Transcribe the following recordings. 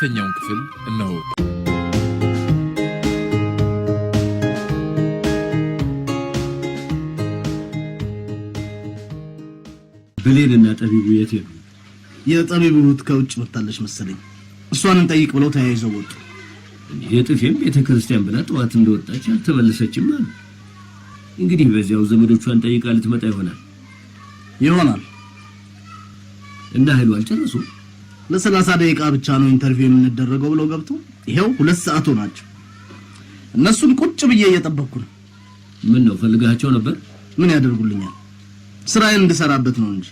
አምስተኛውን ክፍል እነሆ። ብሌንና ጠቢቡ የት ሄዱ? የጠቢቡ እህት ከውጭ ወጣለች መሰለኝ። እሷን እንጠይቅ ብለው ተያይዘው ወጡ። የጥፌም ቤተ ክርስቲያን ብላ ጠዋት እንደወጣች አልተመለሰችም አሉ። እንግዲህ በዚያው ዘመዶቿን ጠይቃ ልትመጣ ይሆናል ይሆናል እና ኃይሉ አልጨረሱም። ለሰላሳ ደቂቃ ብቻ ነው ኢንተርቪው የምንደረገው ብለው ገብቶ ይሄው ሁለት ሰዓቱ ናቸው። እነሱን ቁጭ ብዬ እየጠበቅኩ ነው። ምን ነው ፈልጋቸው ነበር? ምን ያደርጉልኛል? ስራዬን እንድሰራበት ነው እንጂ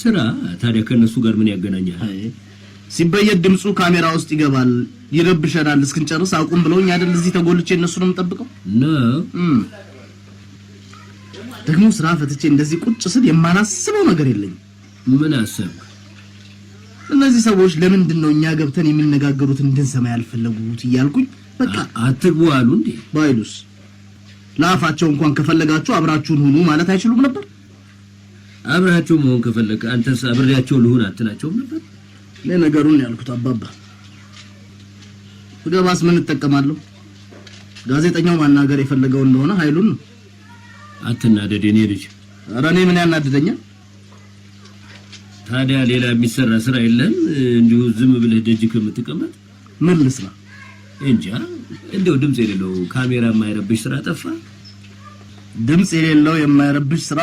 ስራ። ታዲያ ከእነሱ ጋር ምን ያገናኛል? ሲበየድ ድምፁ ካሜራ ውስጥ ይገባል፣ ይረብሸናል፣ እስክንጨርስ አቁም ብለውኝ አይደል እዚህ ተጎልቼ ነው የምጠብቀው ደግሞ ስራ ፈትቼ እንደዚህ ቁጭ ስል የማላስበው ነገር የለኝም። ምን አሰብክ? እነዚህ ሰዎች ለምንድን ነው እኛ ገብተን የሚነጋገሩት እንድንሰማ ያልፈለጉት? እያልኩኝ በቃ አትግቡ አሉ። እንዴ ባይሉስ ለአፋቸው እንኳን ከፈለጋችሁ አብራችሁን ሁኑ ማለት አይችሉም ነበር? አብራቸው መሆን ከፈለግ አንተስ አብሬያቸው ልሁን አትላቸውም ነበር? ነገሩን ያልኩት አባባ ብገባስ ምን እጠቀማለሁ? ጋዜጠኛው ማናገር የፈለገው እንደሆነ ኃይሉን ነው። አትናደድ የኔ ልጅ። ኧረ እኔ ምን ያናድደኛል? ታዲያ ሌላ የሚሰራ ስራ የለም? እንዲሁ ዝም ብለህ ደጅ ከምትቀመጥ ምን ልስራ? እንጃ። እንደው ድምፅ የሌለው ካሜራ የማይረብሽ ስራ ጠፋ? ድምፅ የሌለው የማይረብሽ ስራ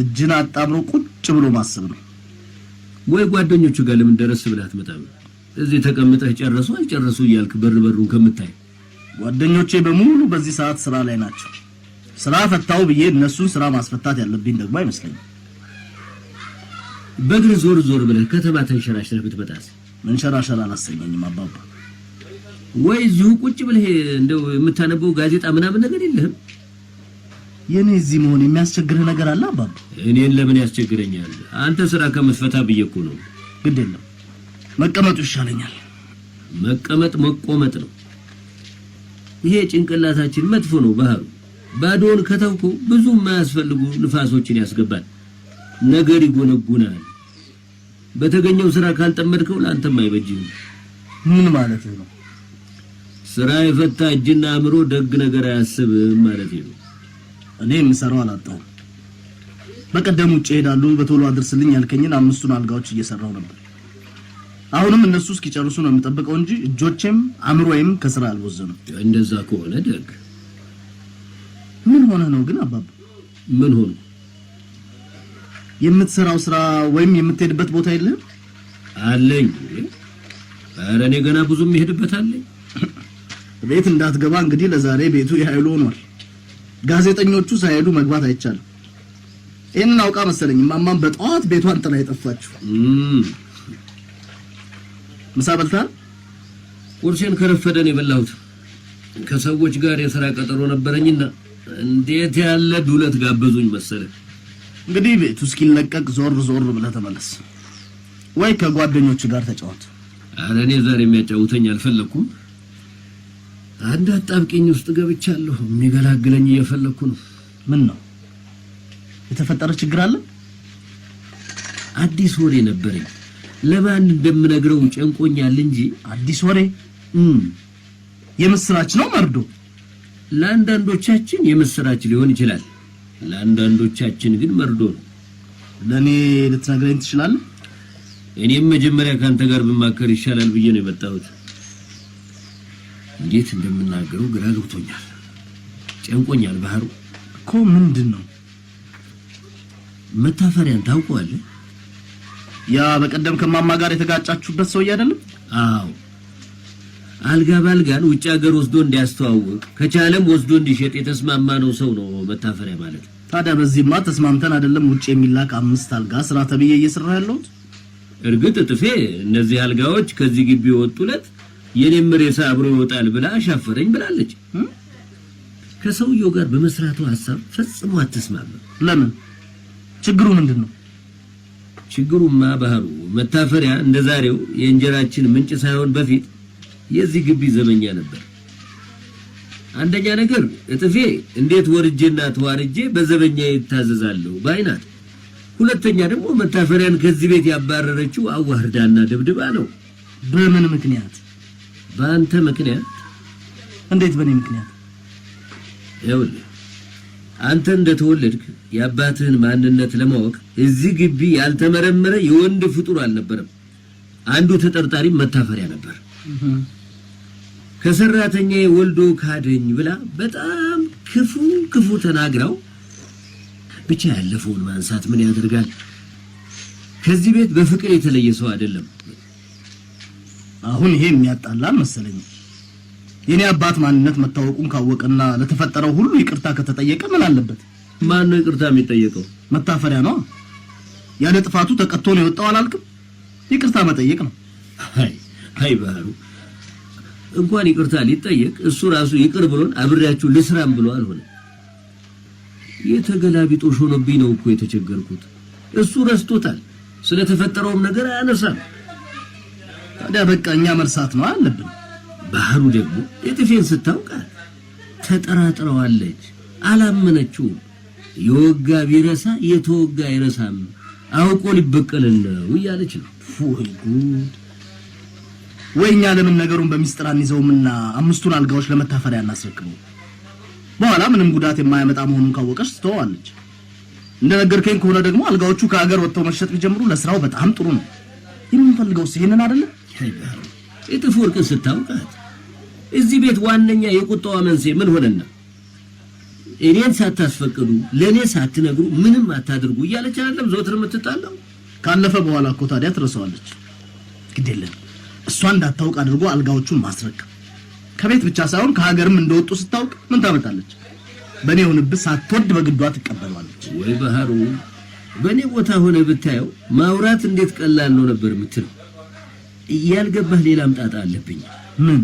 እጅን አጣምሮ ቁጭ ብሎ ማሰብ ነው። ወይ ጓደኞቹ ጋር ለምን ደረስ ብለህ አትመጣም? እዚህ ተቀምጠህ ጨረሱ አልጨረሱ እያልክ በር በሩን ከምታይ ጓደኞቼ በሙሉ በዚህ ሰዓት ስራ ላይ ናቸው። ስራ ፈታው ብዬ እነሱን ስራ ማስፈታት ያለብኝ ደግሞ አይመስለኝም። በእግር ዞር ዞር ብለህ ከተማ ተንሸራሽረህ ብትመጣስ? መንሸራሸር አላሰኘኝም አባባ። ወይ እዚሁ ቁጭ ብለህ እንደው የምታነበው ጋዜጣ ምናምን ነገር የለህም? የኔ እዚህ መሆን የሚያስቸግርህ ነገር አለ አባባ? እኔን ለምን ያስቸግረኛል? አንተ ስራ ከምትፈታ ብዬ እኮ ነው። ግድ የለም መቀመጡ ይሻለኛል። መቀመጥ መቆመጥ ነው። ይሄ ጭንቅላታችን መጥፎ ነው ባህሩ። ባዶውን ከተውኩ ብዙ የማያስፈልጉ ንፋሶችን ያስገባል። ነገር ይጎነጉናል። በተገኘው ስራ ካልጠመድከው ለአንተም አይበጅህም። ምን ማለት ነው? ስራ የፈታ እጅና አእምሮ ደግ ነገር አያስብም ማለት ነው። እኔ የምሰራው አላጣሁም። በቀደም ውጭ ይሄዳሉ በቶሎ አድርስልኝ ያልከኝን አምስቱን አልጋዎች እየሰራው ነበር። አሁንም እነሱ እስኪጨርሱ ነው የምጠብቀው እንጂ እጆቼም አእምሮዬም ከስራ አልቦዘኑም። እንደዛ ከሆነ ደግ ምን ሆነ ነው ግን አባባ? ምን ሆነ የምትሰራው ስራ ወይም የምትሄድበት ቦታ የለም አለኝ። ኧረ እኔ ገና ብዙ የምሄድበት አለኝ። ቤት እንዳትገባ እንግዲህ ለዛሬ ቤቱ የኃይሉ ሆኗል። ጋዜጠኞቹ ሳይሄዱ መግባት አይቻልም። ይህንን አውቃ መሰለኝ ማማን በጠዋት ቤቷን ጥላ የጠፋችሁ። ምሳ በልታል? ቁርሴን ከረፈደን የበላሁት ከሰዎች ጋር የሥራ ቀጠሮ ነበረኝና እንዴት ያለ ዱለት ጋበዙኝ መሰለህ እንግዲህ ቤቱ እስኪለቀቅ ዞር ዞር ብለህ ተመለስ፣ ወይ ከጓደኞች ጋር ተጫወት። አረ እኔ ዛሬ የሚያጫውተኝ አልፈለኩም። አንድ አጣብቂኝ ውስጥ ገብቻለሁ። የሚገላግለኝ እየፈለኩ ነው። ምን ነው የተፈጠረ ችግር አለ? አዲስ ወሬ ነበረኝ። ለማን እንደምነግረው ጨንቆኛል እንጂ አዲስ ወሬ። የምስራች ነው መርዶ? ለአንዳንዶቻችን የምስራች ሊሆን ይችላል። ለአንዳንዶቻችን ግን መርዶ ነው። ለእኔ ልትነግረኝ ትችላለህ? እኔም መጀመሪያ ከአንተ ጋር ብማከር ይሻላል ብዬ ነው የመጣሁት። እንዴት እንደምናገረው ግራ ገብቶኛል፣ ጨንቆኛል። ባህሩ እኮ ምንድን ነው መታፈሪያን ታውቀዋለህ? ያ በቀደም ከማማ ጋር የተጋጫችሁበት ሰውዬ አይደለም? አዎ። አልጋ ባልጋን ውጭ ሀገር ወስዶ እንዲያስተዋውቅ ከቻለም ወስዶ እንዲሸጥ የተስማማ ነው ሰው ነው መታፈሪያ ማለት ነው። ታዲያ በዚህማ ተስማምተን አይደለም ውጭ የሚላክ አምስት አልጋ ስራ ተብዬ እየሰራ ያለሁት። እርግጥ ጥፌ እነዚህ አልጋዎች ከዚህ ግቢ ወጡለት የኔም ሬሳ አብሮ ይወጣል ብላ አሻፈረኝ ብላለች። ከሰውየው ጋር በመስራቱ ሀሳብ ፈጽሞ አትስማማ። ለምን? ችግሩ ምንድን ነው? ችግሩማ ባህሩ መታፈሪያ እንደዛሬው የእንጀራችን ምንጭ ሳይሆን በፊት የዚህ ግቢ ዘመኛ ነበር። አንደኛ ነገር እጥፌ እንዴት ወርጄና ተዋርጄ በዘበኛ ይታዘዛለሁ ባይናት። ሁለተኛ ደግሞ መታፈሪያን ከዚህ ቤት ያባረረችው አዋርዳና ደብድባ ነው። በምን ምክንያት? በአንተ ምክንያት። እንዴት በእኔ ምክንያት? ይኸውልህ አንተ እንደተወለድክ የአባትህን ማንነት ለማወቅ እዚህ ግቢ ያልተመረመረ የወንድ ፍጡር አልነበረም። አንዱ ተጠርጣሪም መታፈሪያ ነበር። ከሰራተኛዬ ወልዶ ካደኝ ብላ በጣም ክፉ ክፉ ተናግረው ብቻ ያለፈውን ማንሳት ምን ያደርጋል? ከዚህ ቤት በፍቅር የተለየ ሰው አይደለም። አሁን ይሄ የሚያጣላን መሰለኝ። የኔ አባት ማንነት መታወቁን ካወቀና ለተፈጠረው ሁሉ ይቅርታ ከተጠየቀ ምን አለበት? ማን ነው ይቅርታ የሚጠየቀው? መታፈሪያ ነው። ያለ ጥፋቱ ተቀጥቶ ነው የወጣው አላልክም? ይቅርታ መጠየቅ ነው። አይ አይ ባህሩ እንኳን ይቅርታ ሊጠየቅ እሱ ራሱ ይቅር ብሎን አብሬያችሁ ልስራም ብሎ አልሆነ። የተገላቢጦሽ ሆኖብኝ ነው እኮ የተቸገርኩት። እሱ ረስቶታል። ስለተፈጠረውም ነገር አያነሳም። ታዲያ በቃ እኛ መርሳት ነው አለብን። ባህሩ ደግሞ የጥፌን ስታውቃል ተጠራጥረዋለች። አላመነችውም። የወጋ ቢረሳ የተወጋ አይረሳም አውቆ ሊበቀልን ነው እያለች ነው። ፉይ ጉድ ወይ እኛ ለምን ነገሩን በሚስጥር አንይዘውምና አምስቱን አልጋዎች ለመታፈሪያ እናስረክበው? በኋላ ምንም ጉዳት የማያመጣ መሆኑን ካወቀች ትተዋለች። እንደነገርከኝ ከሆነ ደግሞ አልጋዎቹ ከሀገር ወጥተው መሸጥ ቢጀምሩ ለስራው በጣም ጥሩ ነው። የምንፈልገው ይሄንን አይደለም የጥፍ ወርቅን ስታውቃት እዚህ ቤት ዋነኛ የቁጣዋ መንስኤ ምን ሆነና እኔን ሳታስፈቅዱ ለእኔ ሳትነግሩ ምንም አታድርጉ እያለች አይደለም ዘወትር የምትጣለው። ካለፈ በኋላ እኮ ታዲያ ትረሳዋለች። ግድ የለም እሷ እንዳታውቅ አድርጎ አልጋዎቹን ማስረቅ ከቤት ብቻ ሳይሆን ከሀገርም እንደወጡ ስታውቅ ምን ታመጣለች? በእኔ ሆንብህ ሳትወድ በግዷ ትቀበለዋለች። ወይ ባህሩ፣ በእኔ ቦታ ሆነ ብታየው ማውራት እንዴት ቀላል ነው ነበር የምትለው። ያልገባህ ሌላም ጣጣ አለብኝ። ምን?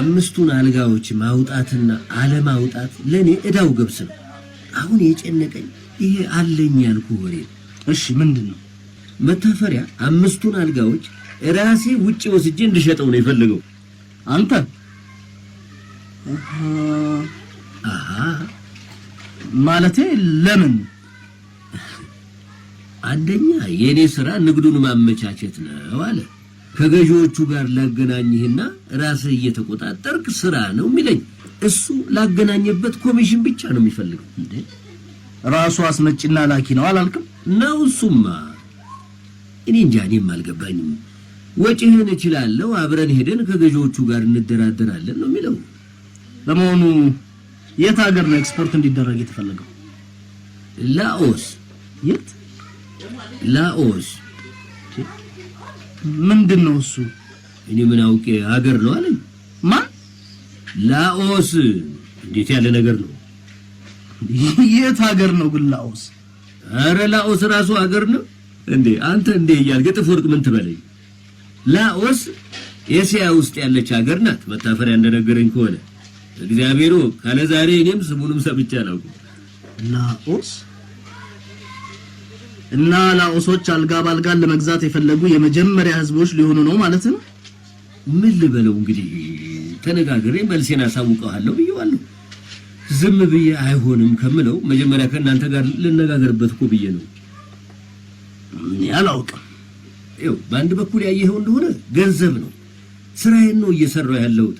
አምስቱን አልጋዎች ማውጣትና አለማውጣት ለእኔ እዳው ገብስ ነው። አሁን የጨነቀኝ ይሄ አለኝ ያልኩ ወሬ። እሺ ምንድን ነው? መታፈሪያ አምስቱን አልጋዎች ራሴ ውጪ ወስጄ እንድሸጠው ነው የፈለገው። አንተ አሃ፣ ማለቴ ለምን? አንደኛ የኔ ስራ ንግዱን ማመቻቸት ነው አለ። ከገዢዎቹ ጋር ላገናኝህና ራስህ እየተቆጣጠርክ ስራ ነው የሚለኝ እሱ። ላገናኘበት ኮሚሽን ብቻ ነው የሚፈልገው። እንዴ ራሱ አስመጭና ላኪ ነው አላልክም? ነው እሱማ እኔ እንጃ፣ እኔም አልገባኝም። ወጪህን እችላለሁ፣ አብረን ሄደን ከገዢዎቹ ጋር እንደራደራለን ነው የሚለው። ለመሆኑ የት ሀገር ነው ኤክስፖርት እንዲደረግ የተፈለገው? ላኦስ። የት? ላኦስ። ምንድን ነው እሱ? እኔ ምን አውቄ፣ ሀገር ነው አለኝ። ማን? ላኦስ። እንዴት ያለ ነገር ነው! የት ሀገር ነው ግን ላኦስ? አረ ላኦስ ራሱ ሀገር ነው። እንዴ አንተ እንዴ እያልክ የጥፍ ወርቅ ምን ትበለኝ። ላኦስ ኤስያ ውስጥ ያለች ሀገር ናት። መታፈሪያ እንደነገረኝ ከሆነ እግዚአብሔር ካለ ዛሬ እኔም ስሙንም ሰምቼ አላውቅም። ላኦስ እና ላኦሶች አልጋ ባልጋ ለመግዛት የፈለጉ የመጀመሪያ ህዝቦች ሊሆኑ ነው ማለት ነው። ምን ልበለው እንግዲህ ተነጋግሬ መልሴን አሳውቀዋለሁ ብዬዋለሁ። ዝም ብዬ አይሆንም ከምለው መጀመሪያ ከእናንተ ጋር ልነጋገርበት እኮ ብዬ ነው። እኔ አላውቅም። ይኸው በአንድ በኩል ያየኸው እንደሆነ ገንዘብ ነው። ስራዬን ነው እየሰራሁ ያለሁት።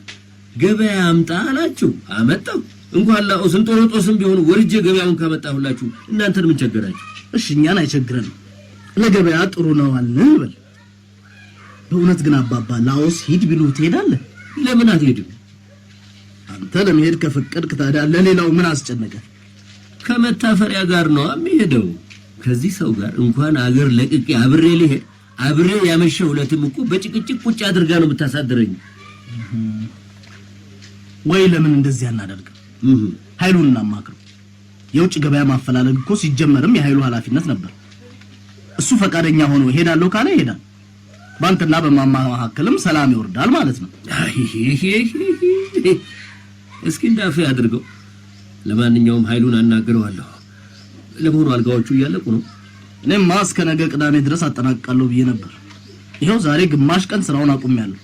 ገበያ አምጣ አላችሁ፣ አመጣው። እንኳን ላኦ ስንጦሮጦስም ቢሆን ወርጄ ገበያውን ካመጣሁላችሁ እናንተን ምን ቸገራችሁ? እሺ እኛን አይቸግረንም። ለገበያ ጥሩ ነው አለን በል። በእውነት ግን አባባ ላኦስ ሂድ ቢሉ ትሄዳለህ? ለምን አትሄድም? አንተ ለመሄድ ከፈቀድክ ታዲያ ለሌላው ምን አስጨነቀ? ከመታፈሪያ ጋር ነው የሚሄደው። ከዚህ ሰው ጋር እንኳን አገር ለቅቄ አብሬ ልሄድ አብሬ ያመሸ ሁለትም እኮ በጭቅጭቅ ቁጭ አድርጋ ነው የምታሳድረኝ። ወይ ለምን እንደዚህ አናደርግ? ኃይሉን እናማክረው። የውጭ ገበያ ማፈላለግ እኮ ሲጀመርም የኃይሉ ኃላፊነት ነበር። እሱ ፈቃደኛ ሆኖ እሄዳለሁ ካለ ይሄዳል። ባንተና በማማ መካከልም ሰላም ይወርዳል ማለት ነው። እስኪ አፍ አድርገው። ለማንኛውም ኃይሉን አናግረዋለሁ። ለመሆኑ አልጋዎቹ እያለቁ ነው? እኔማ እስከ ነገ ቅዳሜ ድረስ አጠናቅቃለሁ ብዬ ነበር። ይኸው ዛሬ ግማሽ ቀን ስራውን አቁሜያለሁ።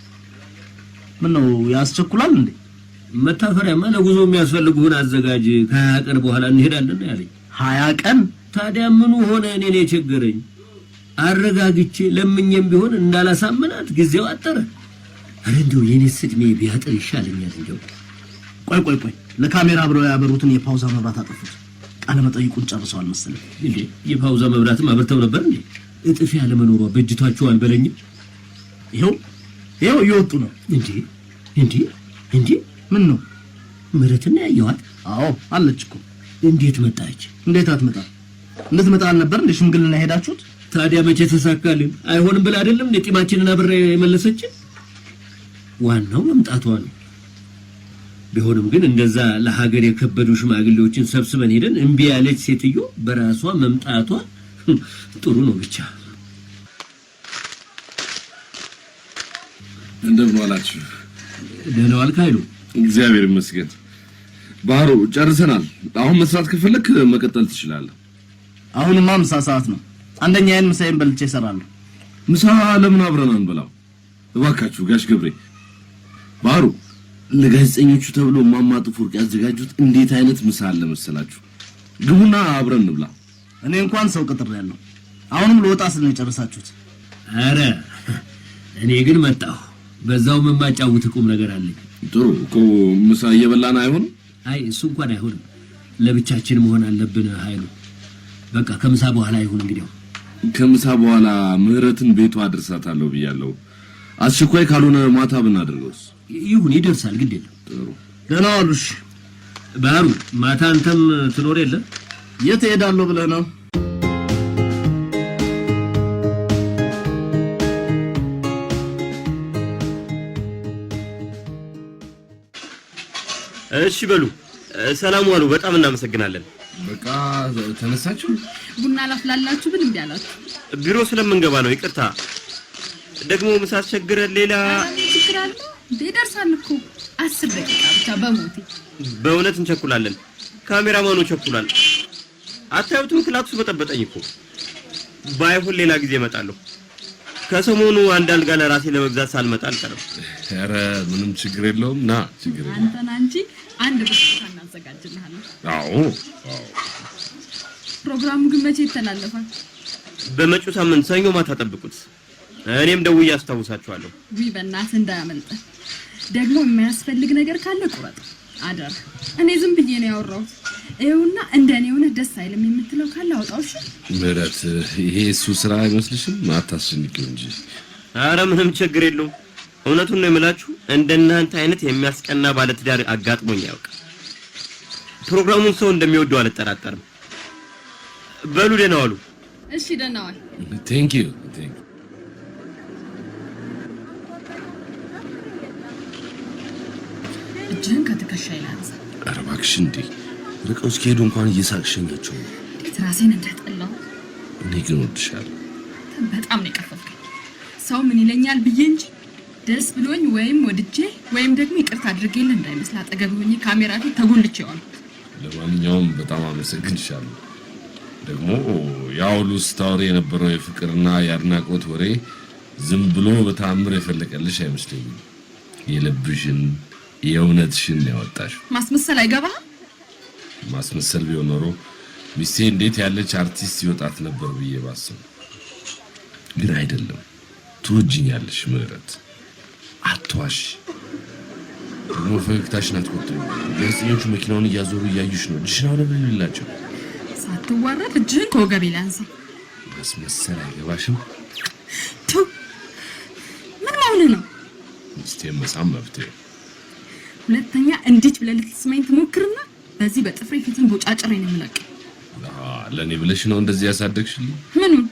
ምን ነው ያስቸኩላል እንዴ? መታፈሪያማ ለጉዞ የሚያስፈልጉህን አዘጋጅ። ከሀያ ቀን በኋላ እንሄዳለን ያለኝ። ሀያ ቀን ታዲያ ምኑ ሆነ? እኔን የቸገረኝ አረጋግቼ ለምኝም ቢሆን እንዳላሳምናት ጊዜው አጠረ። አረ እንደው የኔስ እድሜ ቢያጥር ይሻለኛል። እንደው ቆይ ቆይ ቆይ፣ ለካሜራ አብረው ያበሩትን የፓውዛ መብራት አጠፉት። ቃለ መጠይቁን ጨርሰዋል መሰለኝ። እንዴ የፓውዛ መብራትም አብርተው ነበር እንዴ? እጥፍ ያለ መኖሯ በእጅቷችሁ አልበለኝም። ይኸው ይኸው እየወጡ ነው። እንዴ እንዴ እንዴ! ምን ነው ምህረትና ያየኋት? አዎ አለች እኮ። እንዴት መጣች? እንዴት አትመጣ? እንድትመጣ አልነበር እንዴ ሽምግልና ሄዳችሁት? ታዲያ መቼ ተሳካልን? አይሆንም ብላ አይደለም እንዴ ጢማችንን አብሬ የመለሰችን? ዋናው መምጣቷ ነው። ቢሆንም ግን እንደዛ ለሀገር የከበዱ ሽማግሌዎችን ሰብስበን ሄደን እምቢ ያለች ሴትዮ በራሷ መምጣቷ ጥሩ ነው። ብቻ እንደምን ዋላችሁ? ደህና ዋልክ ኃይሉ? እግዚአብሔር ይመስገን። ባህሩ ጨርሰናል። አሁን መስራት ከፈለክ መቀጠል ትችላለህ። አሁንማ ምሳ ሰዓት ነው። አንደኛ ይህን ምሳዬን በልቼ እሰራለሁ። ምሳ ለምን አብረን አንበላው? እባካችሁ ጋሽ ገብሬ ባህሩ ለጋዜጠኞቹ ተብሎ ማማ ጥፍወርቅ ያዘጋጁት እንዴት አይነት ምሳ አለ መሰላችሁ? ግቡና አብረን እንብላ። እኔ እንኳን ሰው ቅጥር ያለው አሁንም ለወጣ ስል ነው የጨረሳችሁት። አረ እኔ ግን መጣሁ። በዛው የማጫውት ቁም ነገር አለኝ። ጥሩ እኮ ምሳ እየበላን አይሆንም? አይ እሱ እንኳን አይሆንም። ለብቻችን መሆን አለብን ኃይሉ። በቃ ከምሳ በኋላ አይሁን። እንግዲህ ከምሳ በኋላ ምህረትን ቤቷ አድርሳታለሁ ብያለሁ። አስቸኳይ ካልሆነ ማታ ብናደርገውስ? ይሁን ይደርሳል፣ ግድ የለም። ደህና ዋሉሽ። ባህሩ ማታ አንተም ትኖር የለም? የት እሄዳለሁ ብለህ ነው? እሺ በሉ ሰላም ዋሉ። በጣም እናመሰግናለን። በቃ ተነሳችሁ? ቡና ላፍላላችሁ ምን እንዲያላችሁ? ቢሮ ስለምንገባ ነው። ይቅርታ ደግሞ ምሳ አስቸግረን ሌላ ይደርሳል እኮ አስር ደቂቃ ብቻ። በሞቴ በእውነት እንቸኩላለን። ካሜራማኑ ቸኩሏል። አታዩትም? ክላክሱ በጠበጠኝ እኮ። ባይሆን ሌላ ጊዜ እመጣለሁ። ከሰሞኑ አንድ አልጋ ለራሴ ለመግዛት ሳልመጣ አልቀርም። ኧረ ምንም ችግር የለውም። ና ችግር የለውም። አንተና እንጂ አንድ ብስኩት እናዘጋጅልሃለን። አዎ አዎ። ፕሮግራሙ ግን መቼ ይተላለፋል? በመጪው ሳምንት ሰኞ ማታ ጠብቁት። እኔም ደውዬ አስታውሳችኋለሁ። ውይ በእናት እንዳያመልጥ። ደግሞ የማያስፈልግ ነገር ካለ ቁረጥ አደር። እኔ ዝም ብዬ ነው ያወራሁት። ይኸውና እንደ እኔ ሆነ ደስ አይልም የምትለው ካለ አውጣው። እሺ ይሄ እሱ ስራ አይመስልሽም? አታስጨንቂው እንጂ። አረ ምንም ችግር የለውም። እውነቱን ነው የምላችሁ፣ እንደናንተ አይነት የሚያስቀና ባለትዳር አጋጥሞኝ አያውቅም። ፕሮግራሙን ሰው እንደሚወደው አልጠራጠርም። በሉ ደህና ዋሉ። እሺ ደህና ዋል። ቴንክ ዩ ቴንክ ዩ እጅህን ከትከሻ ይላንሳ። ኧረ እባክሽ እንዴ! ርቀው እስኪሄዱ እንኳን እየሳቅሸኛቸው ነው። እንዴት ራሴን እንዳጠላው። እኔ ግን ወድሻለሁ። በጣም ነው የቀፈፍከኝ። ሰው ምን ይለኛል ብዬ እንጂ ደስ ብሎኝ ወይም ወድጄ ወይም ደግሞ ይቅርታ አድርጌልህ እንዳይመስል አጠገብ ሆኜ ካሜራ ፊት ተጎልቼ ዋልኩት። ለማንኛውም በጣም አመሰግንሻለሁ። ደግሞ የአውሉ ስታወሪ የነበረው የፍቅርና የአድናቆት ወሬ ዝም ብሎ በተአምር የፈለቀልሽ አይመስለኝም የልብሽን የእውነትሽን ያወጣሽ ማስመሰል አይገባህም። ማስመሰል ቢሆን ኖሮ ሚስቴ እንዴት ያለች አርቲስት ይወጣት ነበር ብዬ ባስብ፣ ግን አይደለም። ትወጅኛለሽ ምህረት፣ አትዋሽ። ደግሞ ፈገግታሽን አትቆጥሩ። ጋዜጠኞቹ መኪናውን እያዞሩ እያዩሽ ነው። እጅሽን አሁነ ብልላቸው። ሳትዋረድ እጅህን ከወገቤ ላንሳ። ማስመሰል አይገባሽም። ምን መሆንህ ነው? ሚስቴ መሳም መብት ሁለተኛ እንዴት ብለህ ልትስማኝ ትሞክርና በዚህ በጥፍሬ ፊትን ቦጫጭሬ ነው የምለቀው። ለእኔ ብለሽ ነው እንደዚህ ያሳደግሽልኝ? ምኑን?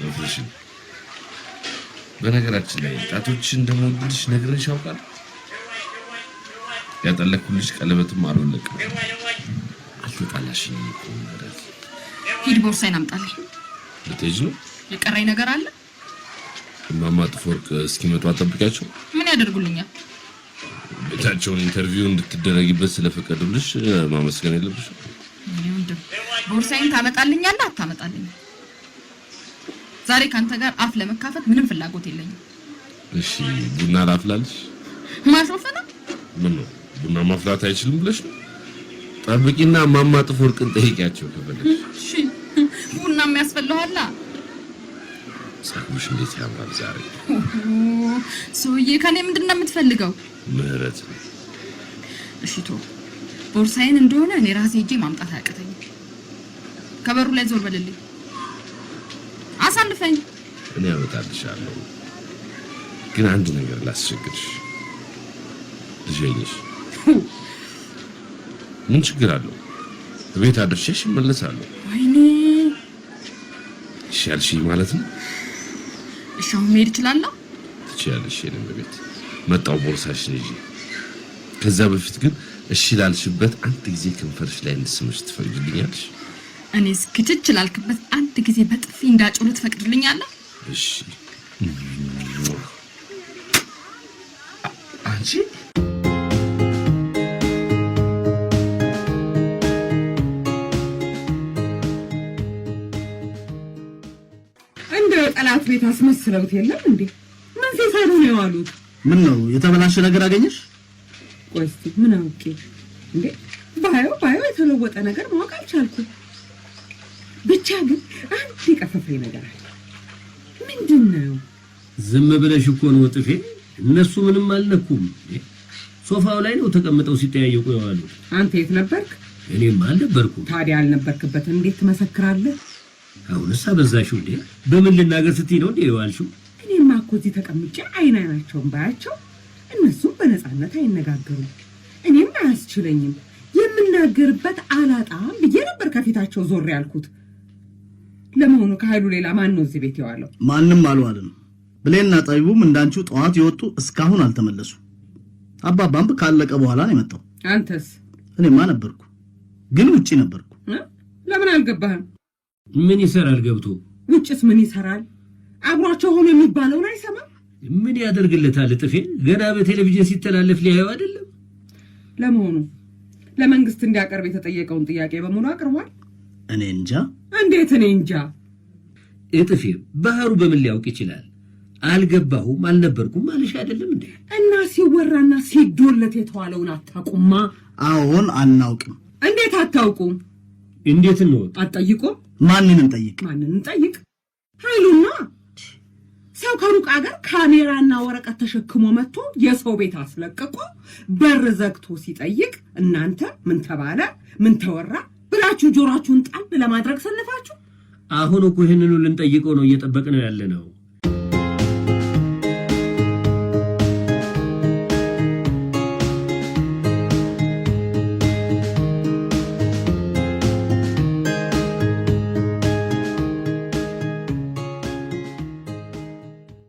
ጥፍርሽን። በነገራችን ላይ ጣቶች እንደምወድልሽ ነግሬሽ ያውቃል። ያጠለኩልሽ ቀለበትም አልወለቅም። አልተጣላሽኝ እኮ ማለት ሂድ፣ ቦርሳዬን አምጣልኝ። ልትሄጂ ነው? የቀረኝ ነገር አለ። እማማ ጥፎወርቅ እስኪመጡ አጠብቂያቸው። ምን ያደርጉልኛል? እቻቸውን ኢንተርቪው እንድትደረግበት ስለፈቀዱልሽ ማመስገን የለብሽ። ቦርሳዬን ታመጣልኛለህ አታመጣልኝ፣ ዛሬ ካንተ ጋር አፍ ለመካፈት ምንም ፍላጎት የለኝም። እሺ ቡና ላፍላልሽ። ማሾፈና ምን ነው ቡና ማፍላት አይችልም ብለሽ ነው? ጠብቂና ማማ ጥፎወርቅን ጠይቂያቸው ከፈለግሽ። እሺ ቡና የሚያስፈልሃላ። ጸጉሽ እንዴት ያምራል ዛሬ። ሰውዬ ከኔ ምንድን ነው የምትፈልገው? ምህረት እሽቶ ቦርሳዬን እንደሆነ እኔ ራሴ እጄ ማምጣት አያቅተኝ። ከበሩ ላይ ዞር በልልኝ፣ አሳልፈኝ። እኔ አመጣልሻለሁ፣ ግን አንድ ነገር ላስቸግርሽ። ልሸኝሽ። ምን ችግር አለው? ቤት አድርሼሽ እመለሳለሁ። ወይኔ ይሻልሽ ማለት ነው። እሺ አሁን መሄድ እችላለሁ? ትችያለሽ። የኔም ቤት መጣው ቦርሳሽን ይዤ። ከዛ በፊት ግን እሺ ላልሽበት አንድ ጊዜ ከንፈርሽ ላይ እንድስምሽ ትፈቅድልኛለሽ? እኔ እስክችች ላልክበት አንድ ጊዜ በጥፊ እንዳጮሉ ትፈቅድልኛለህ? እሺ አንቺ እንደ ጠላት ቤት አስመስለውት የለም እንዴ? መንሴ ነው የዋሉት ምን ነው የተበላሸ ነገር አገኘሽ? ቆይ እስኪ ምን አውቄ እንዴ? ባየው ባየው የተለወጠ ነገር ማወቅ አልቻልኩም። ብቻ ግን አንድ የቀፈፈኝ ነገር አለ። ምንድን ነው? ዝም ብለሽ እኮ ነው ጥፌ። እነሱ ምንም አልነኩም። ሶፋው ላይ ነው ተቀምጠው ሲጠያየቁ የዋሉ። አንተ የት ነበርክ? እኔም አልነበርኩም። ታዲያ አልነበርክበት እንዴት ትመሰክራለህ? አሁንስ አበዛሽው እንዴ! በምን ልናገር ስትይ ነው እንዴ የዋልሽው? እኔማ እኮ እዚህ ተቀምጬ አይን አይናቸውን ባያቸው እነሱም በነፃነት አይነጋገሩም፣ እኔም አያስችለኝም። የምናገርበት አላጣም ብዬ ነበር ከፊታቸው ዞር ያልኩት። ለመሆኑ ከኃይሉ ሌላ ማን ነው እዚህ ቤት የዋለው? ማንም አልዋልም። ብሌንና ጠቢቡም እንዳንቺው ጠዋት የወጡ እስካሁን አልተመለሱ። አባባም ካለቀ በኋላ ነው የመጣው። አንተስ? እኔማ ነበርኩ፣ ግን ውጪ ነበርኩ። ለምን አልገባህም? ምን ይሰራል ገብቶ? ውጭስ ምን ይሰራል? አብሯቸው ሆኖ የሚባለውን አይሰማም። ምን ያደርግለታል? ጥፌን ገና በቴሌቪዥን ሲተላለፍ ሊያየው አይደለም። ለመሆኑ ለመንግስት እንዲያቀርብ የተጠየቀውን ጥያቄ በሙሉ አቅርቧል? እኔ እንጃ። እንዴት እኔ እንጃ? እጥፌ ባህሩ በምን ሊያውቅ ይችላል? አልገባሁም፣ አልነበርኩም ማለሽ አይደለም እንዴ? እና ሲወራና ሲዶለት የተዋለውን አታውቁማ? አዎን፣ አናውቅም። እንዴት አታውቁም? እንዴት እንወቅ? አትጠይቁም? ማንንም ጠይቅ፣ ማንንም ጠይቅ ኃይሉና ሰው ከሩቅ አገር ካሜራና ወረቀት ተሸክሞ መጥቶ የሰው ቤት አስለቅቆ በር ዘግቶ ሲጠይቅ እናንተ ምን ተባለ ምን ተወራ ብላችሁ ጆሯችሁን ጣል ለማድረግ ሰነፋችሁ። አሁን እኮ ይህንኑ ልንጠይቀው ነው፣ እየጠበቅ ነው ያለ ነው።